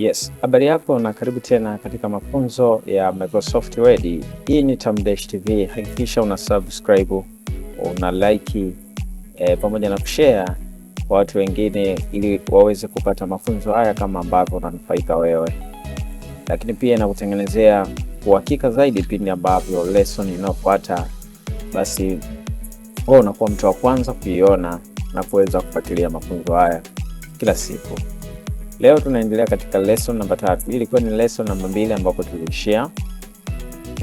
Yes, habari yako na karibu tena katika mafunzo ya Microsoft Word. Hii ni Tamdesh TV. Hakikisha una subscribe, una like eh, pamoja na kushare kwa watu wengine ili waweze kupata mafunzo haya kama ambavyo unanufaika wewe, lakini pia inakutengenezea uhakika zaidi pindi ambavyo lesson inayofuata basi wewe unakuwa mtu wa kwanza kuiona na kuweza kufuatilia mafunzo haya kila siku. Leo tunaendelea katika lesson namba tatu. Ilikuwa ni lesson namba mbili ambako tuliishia.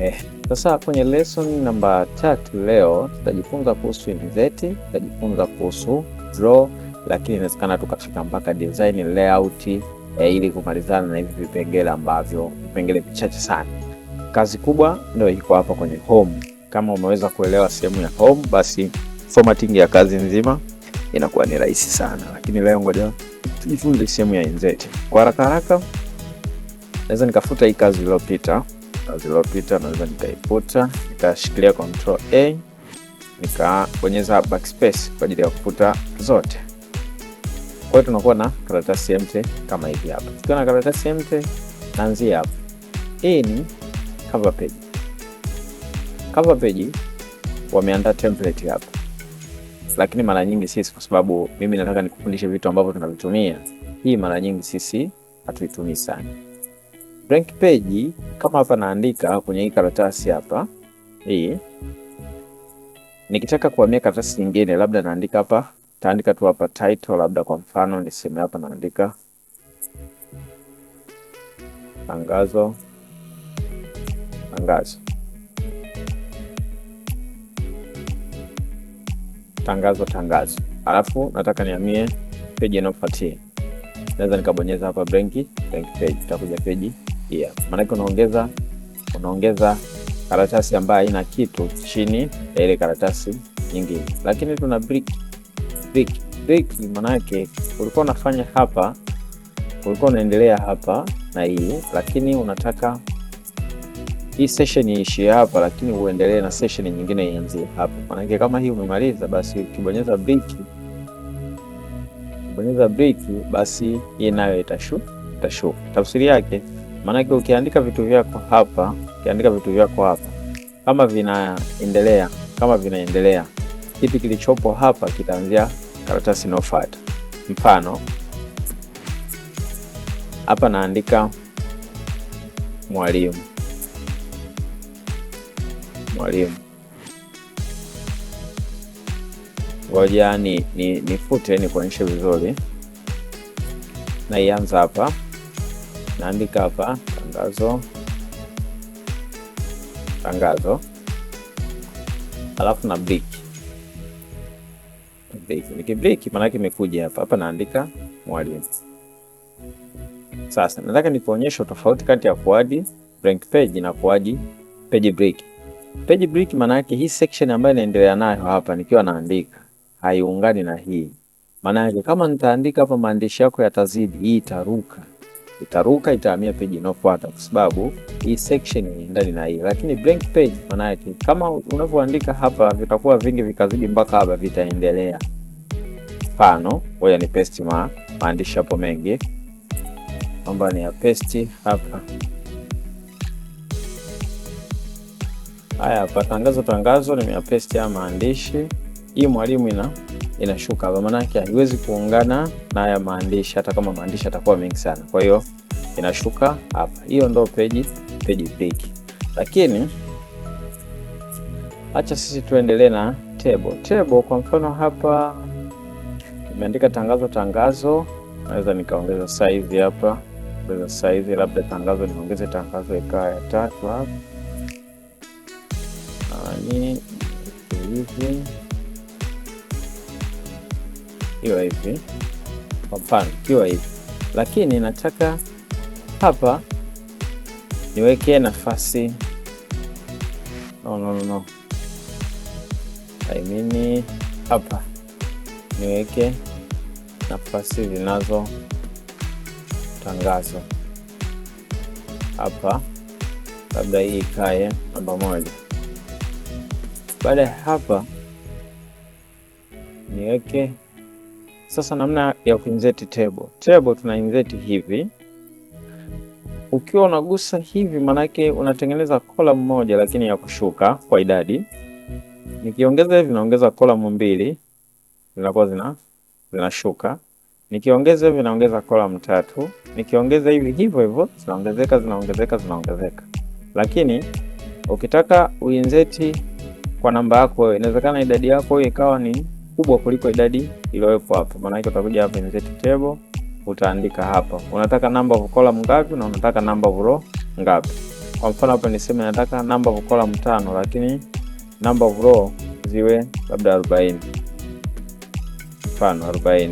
Eh, sasa kwenye lesson namba tatu leo tutajifunza kuhusu inzeti, tutajifunza kuhusu draw, lakini inawezekana tukafika mpaka design layout, eh, ili kumalizana na hivi vipengele ambavyo vipengele vichache sana. Kazi kubwa ndio iko hapa kwenye home. Kama umeweza kuelewa sehemu ya home, basi formatting ya kazi nzima inakuwa ni rahisi sana, lakini leo ngoja tujifunze sehemu ya inzeti kwa haraka haraka. Naweza nikafuta hii kazi iliyopita, kazi iliyopita naweza nikaifuta, nikashikilia control A nikabonyeza backspace kwa ajili ya kufuta zote. Kwa hiyo tunakuwa na karatasi empty kama hivi hapa. Tukiwa na karatasi empty, naanzia hapa. Hii ni cover page. Cover page wameandaa template hapa lakini mara nyingi sisi, kwa sababu mimi nataka nikufundishe vitu ambavyo tunavitumia, hii mara nyingi sisi hatuitumii sana. Blank page kama hapa naandika kwenye hii karatasi hapa hii, nikitaka kuhamia karatasi nyingine, labda naandika hapa, taandika tu hapa title, labda kwa mfano niseme hapa naandika tangazo tangazo tangazo tangazo, alafu nataka niamie peji inayofuatia. Naweza nikabonyeza hapa benki blank page, itakuja peji hii yeah. Maanake unaongeza unaongeza karatasi ambayo haina kitu chini ya ile karatasi nyingine, lakini tuna brick brick brick. Maanake ulikuwa unafanya hapa, ulikuwa unaendelea hapa na hii, lakini unataka hii session iishie hapa, lakini uendelee na session nyingine ianzie hapa. Maanake kama hii umemaliza, basi ukibonyeza break, ukibonyeza break, basi hii nayo itashuka itashuka. Tafsiri yake maanake ukiandika vitu vyako hapa, ukiandika vitu vyako hapa, kama vinaendelea kama vinaendelea, kipi kilichopo hapa kitaanzia karatasi inayofuata. Mfano hapa naandika mwalimu mwalimu. Ngoja ni nifute ni kuonyesha vizuri. Naianza hapa, naandika hapa tangazo, tangazo, alafu na break break. Nikibreki maanake imekuja hapa hapa, naandika mwalimu. Sasa nataka nikuonyesha tofauti kati ya kuadi blank page na kuadi page break. Page break maana yake hii section ambayo inaendelea nayo hapa nikiwa naandika haiungani na hii. Maana yake kama nitaandika hapa maandishi yako yatazidi, hii itaruka. Itaruka itahamia page inayofuata kwa sababu hii section inaendana na hii. Lakini blank page maana yake kama unavyoandika hapa vitakuwa vingi vikazidi mpaka hapa vitaendelea. Mfano, ngoja ni paste ma maandishi hapo mengi. Naomba ni ya paste hapa. Haya pa tangazo, tangazo nimeyapesti haya maandishi. Hii mwalimu ina inashuka hapa, yake haiwezi kuungana na haya maandishi, hata kama maandishi atakuwa mengi sana. Kwa hiyo inashuka hapa, hiyo ndo peji peji break. Lakini acha sisi tuendelee na table table. Kwa mfano hapa nimeandika tangazo, tangazo, naweza nikaongeza size hapa, ongeza size, labda tangazo niongeze tangazo ikawa ya tatu hapa nini hivi hivi kwa mfano, kiwa hivi, lakini nataka hapa niweke nafasi no, no, no. I mean hapa niweke nafasi zinazo tangazo hapa, labda hii ikae namba moja. Baada ya hapa niweke sasa namna ya kuinzeti table. Table tuna hivi, ukiwa unagusa hivi, maanake unatengeneza column moja lakini ya kushuka kwa idadi. Nikiongeza hivi, naongeza column mbili zinakuwa zina zinashuka. Nikiongeza hivi, naongeza column tatu. Nikiongeza hivi, hivyo hivyo zinaongezeka zinaongezeka zinaongezeka, lakini ukitaka uinzeti kwa namba yako wewe. Inawezekana idadi yako ikawa ni kubwa kuliko idadi iliyowepo hapa. Maana yake utakuja hapa in table utaandika hapa unataka namba of column ngapi na unataka namba of row ngapi. Kwa mfano hapa niseme nataka namba of column tano, lakini namba of row ziwe labda arobaini, mfano 40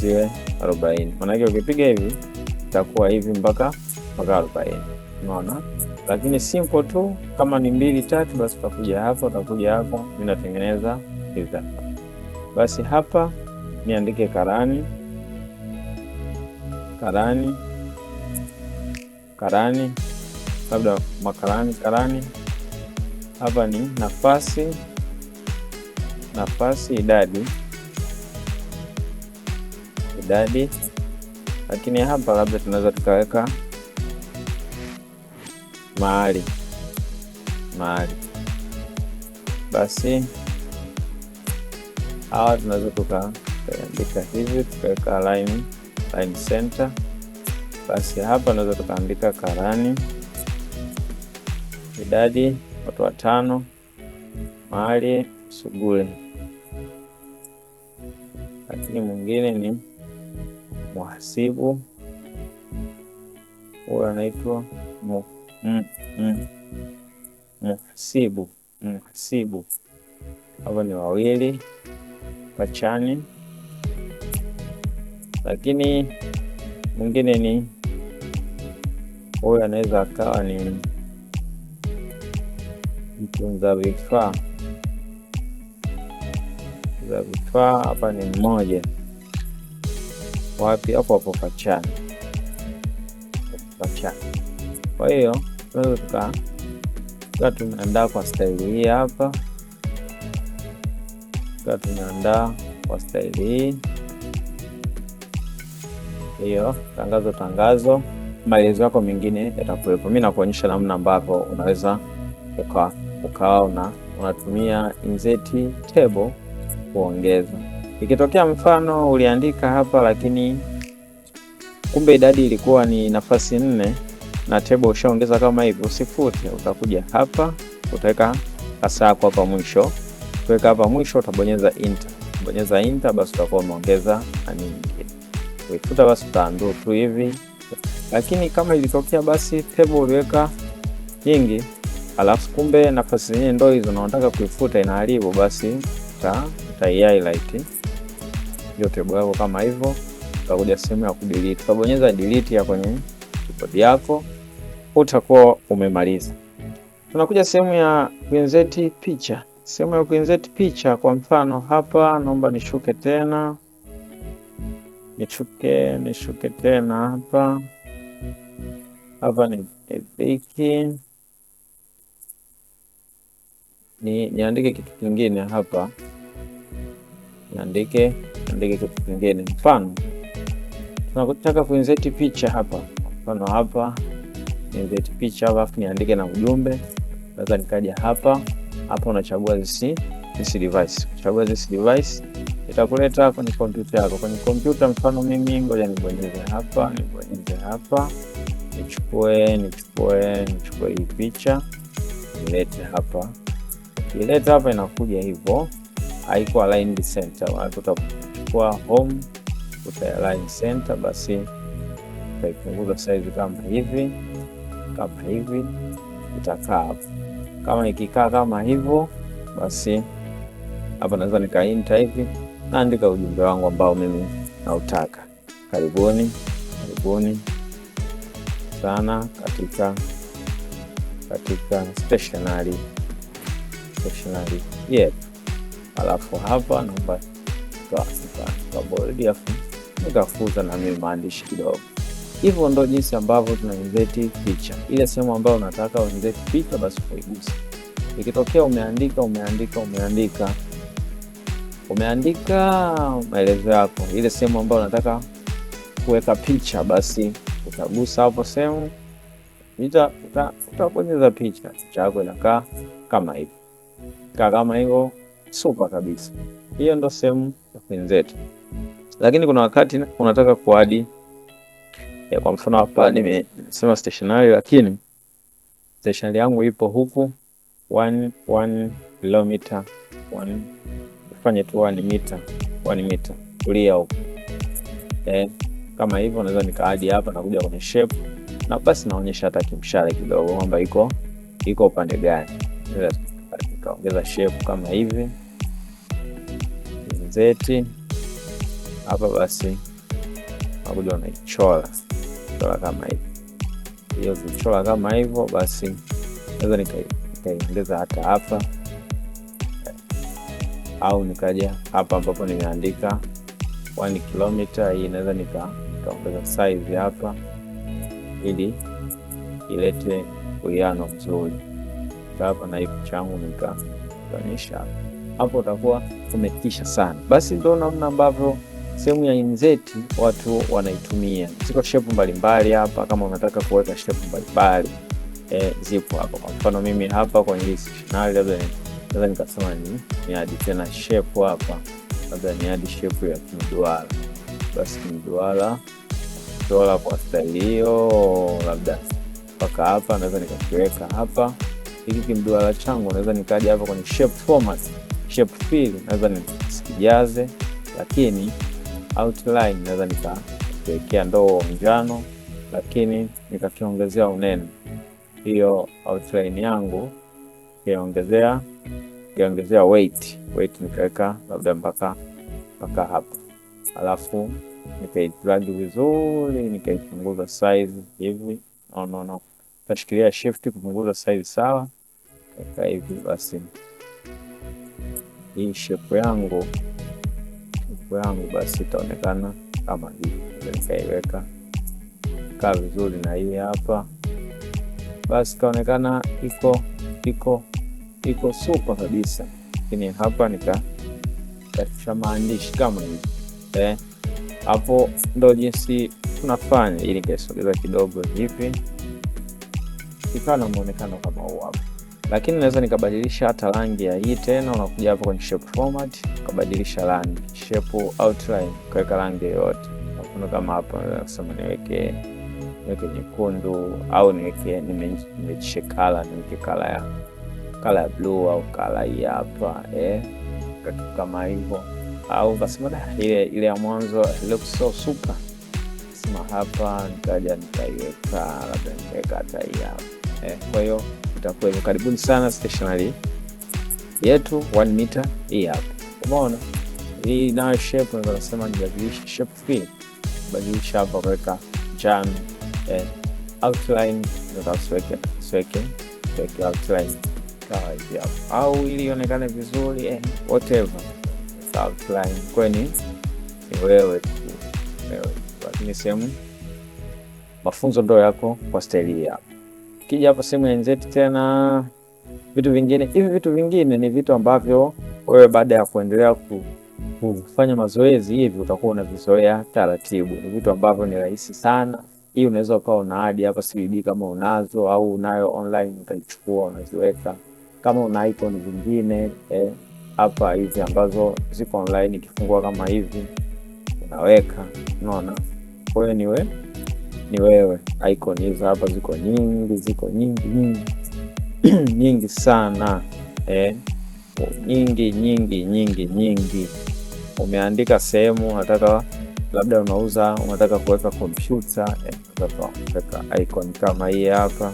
ziwe arobaini. Maanake ukipiga hivi itakuwa hivi mpaka mpaka arobaini unaona. Lakini simple tu kama ni mbili tatu, basi utakuja hapa utakuja hapo, ninatengeneza bidhaa. Basi hapa niandike karani karani karani, labda makarani karani. Hapa ni nafasi nafasi, idadi idadi, lakini hapa labda tunaweza tukaweka mahali mahali. Basi hawa tunaweza tukaandika hivi tukaweka line, line center. Basi hapa tunaweza tukaandika karani, idadi watu watano, mahali Sugule, lakini mwingine ni mhasibu huyo anaitwa Muku. Mhasibu mm, mm. Mm, mhasibu, hapo ni wawili pachani lakini mwingine ni huyu, anaweza akawa ni mtunza vifaa za vifaa. Hapa ni mmoja wapi? Hapo hapo pachani, pachani kwa hiyo tunaweza tuka tuka tunaandaa kwa staili hii hapa, tuka tunaandaa kwa staili hii hiyo. Tangazo tangazo, maelezo yako mengine yatakuwepo. mi nakuonyesha namna ambavyo unaweza ukawa una, unatumia inzeti table kuongeza. Ikitokea mfano uliandika hapa, lakini kumbe idadi ilikuwa ni nafasi nne na table ushaongeza kama hivi, usifute, utakuja hapa utaweka hasa yako hapa mwisho, utaweka hapa mwisho, utabonyeza enter. Bonyeza enter, basi utakuwa umeongeza na nyingine. Ukifuta basi utaandu tu hivi, lakini kama ilitokea basi table uliweka nyingi alafu kumbe nafasi zenyewe ndo hizo na unataka kuifuta inaharibu, basi highlight hiyo table yako kama hivyo, utakuja sehemu ya kudelete, utabonyeza delete ya kwenye kibodi yako utakuwa umemaliza. Tunakuja sehemu ya kuinzeti picha. Sehemu ya kuinzeti picha, kwa mfano hapa, naomba nishuke tena, nishuke nishuke tena hapa hapa ni hiki ni niandike kitu kingine hapa, niandike niandike kitu kingine. Mfano tunataka kuinzeti picha hapa, mfano hapa nivete picha hapa niandike na ujumbe. Naweza nikaja hapa hapa, unachagua this, this device. Chagua this device itakuleta kwenye kompyuta yako. Kwenye kompyuta mfano mimi, ngoja nibonyeze hapa, nibonyeze hapa, nichukue nichukue nichukue hii picha nilete hapa, ileta hapa, inakuja hivyo, haiko align center. utachukua home uta align center, basi utaipunguza size kama hivi kama hivi, itakaa hapo. Kama ikikaa kama hivyo, basi hapa naweza nikainta hivi, naandika ujumbe wangu ambao mimi nautaka. Karibuni, karibuni sana katika katika stationary stationary yep. Alafu hapa naomba kabold, afu nikafuza na mimi maandishi kidogo. Hivyo ndo jinsi ambavyo tuna insert picha. Ile sehemu ambayo unataka insert picha, basi kuigusa. Ikitokea umeandika umeandika umeandika umeandika maelezo yako, ile sehemu ambayo unataka kuweka picha, basi utagusa hapo sehemu utabonyeza picha, picha yako inakaa kama hivi, kaa kama hivyo, supa kabisa. Hiyo ndo sehemu ya kuinsert, lakini kuna wakati unataka kuadi ya eh, kwa mfano hapa nimesema stationary, lakini stationary yangu ipo huku 1 1 kilomita 1, fanye tu 1 mita 1 mita kulia huku eh, kama hivyo naweza nikaadi hapa na kuja kwenye shape na basi naonyesha hata kimshale kidogo kwamba iko iko upande gani. Nikaongeza shape kama hivi zeti hapa, basi nakuja unaichora kuchora kama hivi. Hiyo kuchora kama hivyo, basi naweza nikaiongeza hata hapa au nikaja hapa ambapo nimeandika 1 kilomita. Hii naweza nikaongeza size hapa ili ilete uwiano mzuri hapa na hivi changu nikaonyesha hapo, utakuwa umetisha sana. Basi ndio namna ambavyo sehemu ya inzeti watu wanaitumia, ziko shepu mbalimbali hapa. Kama unataka kuweka shepu mbalimbali e, zipo hapa. Kwa mfano mimi hapa kwenye hii stationery, labda naweza nikasema ni niadi tena shepu hapa, labda niadi shepu ya kimduara, basi kimduara dola kwa staili hiyo, labda mpaka hapa naweza nikakiweka hapa. Hiki kimduara changu naweza nikaja hapa kwenye shape format, shape fill, naweza nisikijaze lakini outline naweza nikakiwekea ndoo njano, lakini nikakiongezea unene. Hiyo outline yangu kiongezea kiongezea weight weight, nikaweka labda mpaka mpaka hapa, alafu nikaidragi vizuri, nikaipunguza size hivi. No, no, no, shift kupunguza size, sawa, kaka hivi basi, hii shape yangu mfuko yangu, basi itaonekana kama hivi. Nikaiweka kaa vizuri na hii hapa basi, ikaonekana iko iko iko super kabisa. Lakini hapa nikatisha maandishi kama hivi eh, hapo ndo jinsi tunafanya ili nikaisogeza kidogo hivi, ikawa na mwonekano kama huu hapa lakini naweza nikabadilisha hata rangi ya hii tena. Unakuja hapa kwenye shape format, ukabadilisha rangi shape outline, kaweka rangi yoyote. Kwa mfano kama hapo naweza kusema niweke niweke nyekundu au niweke nimejishe kala niweke kala ya kala ya bluu au kala hii hapa eh, kitu kama hivyo, au kasema ile ile ya mwanzo looks so super sema hapa, nikaja nikaiweka labda nikaweka hata hii hapa eh. Kwa hiyo itakuwa hivyo. Karibuni sana stationery yetu 1 meter hii hapa, umeona hii nayo shape unaweza kusema nibadilishe shape fee, badilisha hapa, ukaweka njano eh, outline siweke outline kawa hivi hapo, au ili ionekane vizuri eh, whatever outline kweni ni wewe tu wewe, lakini sehemu mafunzo ndo yako kwa staili hii hapa. Kija hapa sehemu ya nzeti tena vitu vingine hivi, vitu vingine ni vitu ambavyo wewe baada ya kuendelea ku kufanya mazoezi hivi utakuwa unavizoea taratibu. Ni vitu ambavyo ni rahisi sana. Hii unaweza ukawa una adi hapa CBD kama unazo au unayo online, utaichukua unaziweka kama una icon zingine eh, hapa hizi ambazo ziko online, ikifungua kama hivi unaweka, unaona. Kwa hiyo niwe ni wewe, icon hizo hapa ziko nyingi, ziko nyingi nyingi nyingi sana eh, nyingi nyingi nyingi nyingi umeandika sehemu unataka labda unauza unataka kuweka kompyuta eh, icon kama hii hapa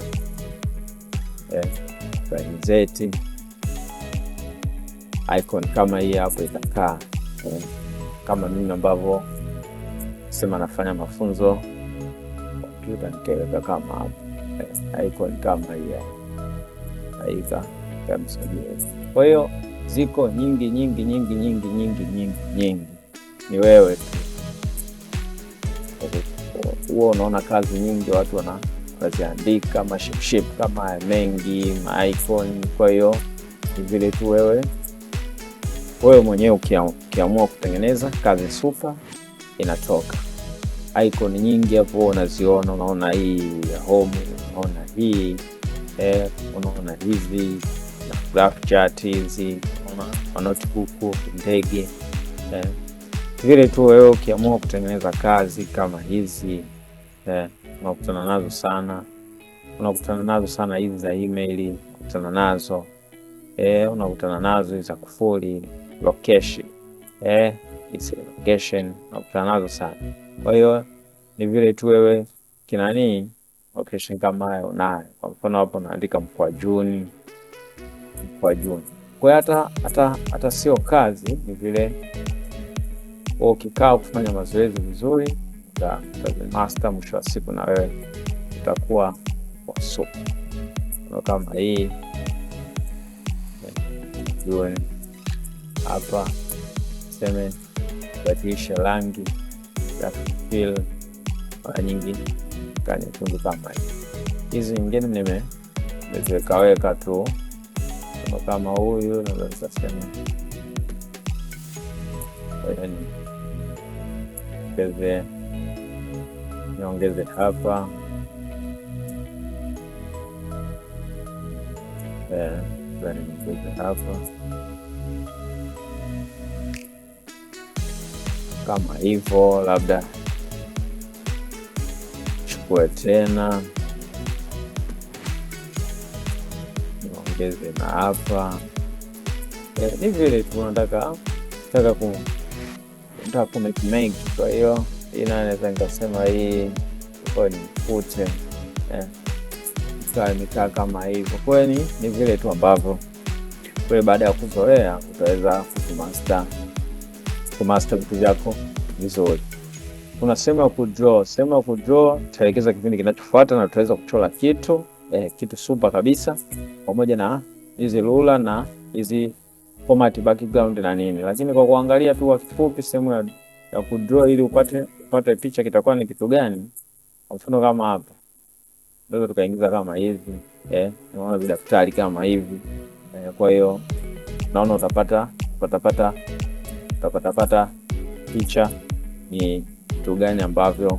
eh, gazeti icon kama hii hapo itakaa eh, kama mimi ambavyo sema nafanya mafunzo kompyuta nikaweka kama hapo eh, icon kama hii hapa kwa hiyo ziko nyingi nyingi nyingi nyingi nyingi nyingi nyingi, ni wewe huo Huwa unaona kazi nyingi watu wana mashipship kama mengi ma iPhone. Kwa hiyo ni vile tu wewe wewe mwenyewe ukiamua kutengeneza kazi supa inatoka. Icon nyingi hapo unaziona, unaona hii ya home, unaona hii eh, unaona hizi graph hizi, notebook, ndege eh. Vile tu wewe ukiamua kutengeneza kazi kama hizi eh, unakutana nazo sana, unakutana nazo sana hizi za email, kutana nazo eh, unakutana nazo za kufuli location eh, location unakutana nazo sana. Kwa hiyo ni vile tu wewe kinanii location kama hayo unayo. Kwa mfano hapo unaandika mkoa Juni kwa juni Kwa hiyo hata, hata, hata sio kazi, ni vile ukikaa kufanya mazoezi vizuri utazimaster, mwisho wa siku na wewe utakuwa wasuku kama hii jue hapa seme kubadilisha rangi ya fil mara nyingi ka kama hii. Hizi nyingine nimeziwekaweka tu kama huyu naweza sema yaani, niongeze hapa eh, niongeze hapa kama hivyo, labda chukue tena niongeze na hapa eh, ni vile tu, nataka taka taka make mengi. Kwa hiyo hii naweza nikasema hii kwa nikute mitaa kama hivyo, kwani ni vile tu ambavyo kwa baada ya kuzoea utaweza kumaster kumaster vitu vyako vizuri. Kuna sehemu ya kudraw, sehemu ya kudraw taelekeza kipindi kinachofuata, na tutaweza kuchora kitu eh, kitu super kabisa pamoja na hizi lula na hizi format background na nini, lakini kwa kuangalia tu kwa kifupi sehemu ya, ya kudraw ili upate upate picha kitakuwa ni kitu gani. Kwa mfano kama hapa ndio tukaingiza kama hivi eh, naona vidaftari kama hivi eh, kwa hiyo naona utapata utapata pata picha ni kitu gani ambavyo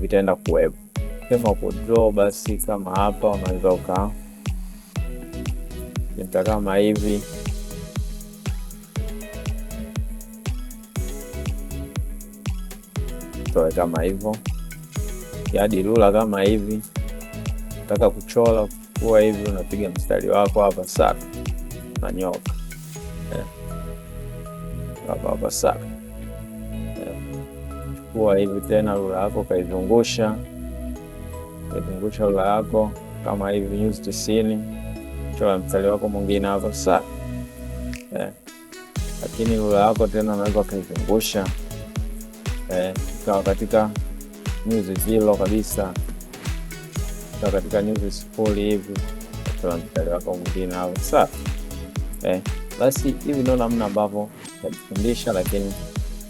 vitaenda kuwepo ukisema kudraw basi, kama hapa unaweza uka nita kama hivi toe kama hivyo, yadi rula kama hivi. Nataka kuchora kuwa hivi, unapiga mstari wako hapa saka nanyoka eh. hapa hapa saka eh. kuwa hivi tena, rula yako kaizungusha ipungusha ula yako kama hivi nyuzi tisini, chora mstari wako mwingine hapo safi eh. Lakini lula yako tena unaweza ukaipungusha eh, ikawa katika nyuzi zilo kabisa, ikawa katika nyuzi sifuri hivi, chola mstari wako mwingine hapo safi eh. Basi hivi ndio namna ambavyo najifundisha lakini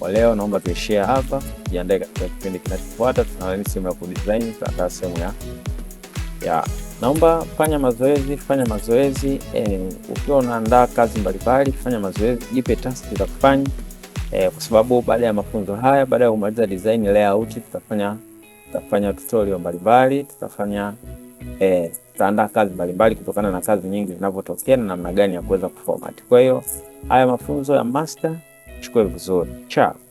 kwa leo naomba tuishie hapa, jiandae katika kipindi kinachofuata, Tunaani sehemu ya kudesign, tutaandaa sehemu ya ya naomba fanya mazoezi, fanya mazoezi e, ukiwa unaandaa kazi mbalimbali, fanya mazoezi, jipe task za kufanya e, kwa sababu baada ya mafunzo haya, baada ya kumaliza design layout, tutafanya tutafanya tutorial mbalimbali, tutafanya e, tutaandaa kazi mbalimbali kutokana na kazi nyingi zinavyotokea na namna gani ya kuweza kuformat. Kwa hiyo haya mafunzo ya master Desculpa, professor. Tchau.